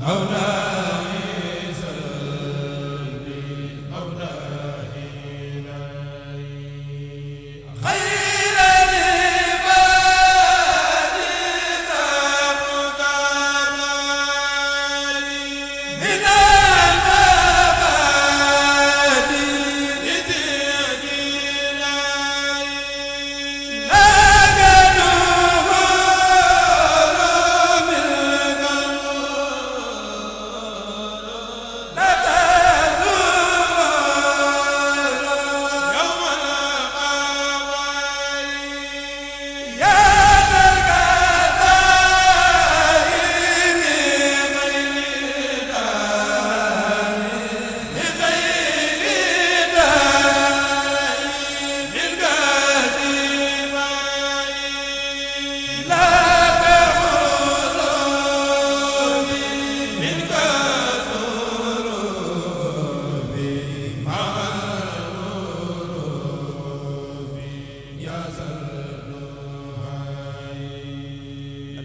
aw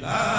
la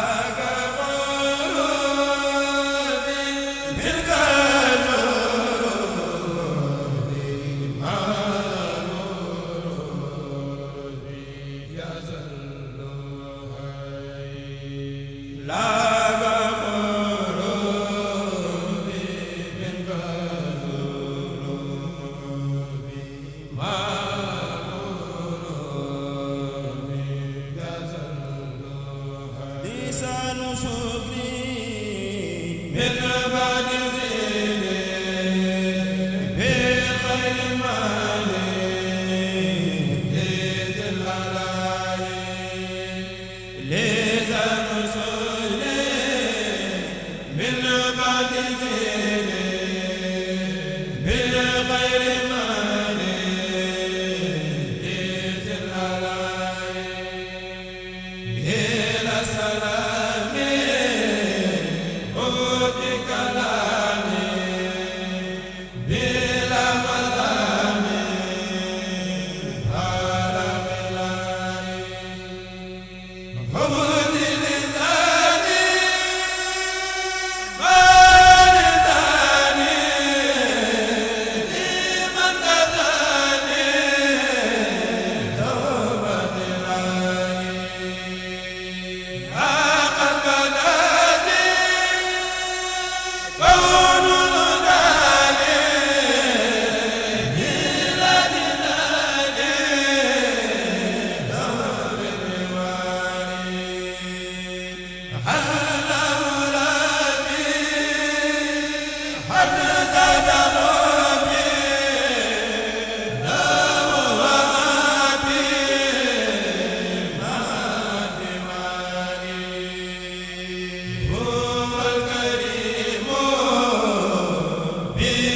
bi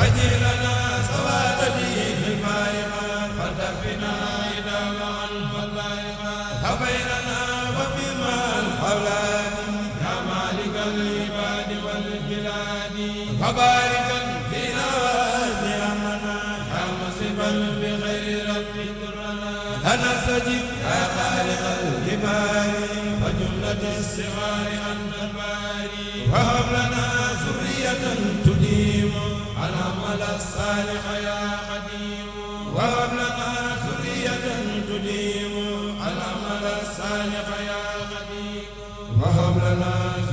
هدي لنا وهب لنا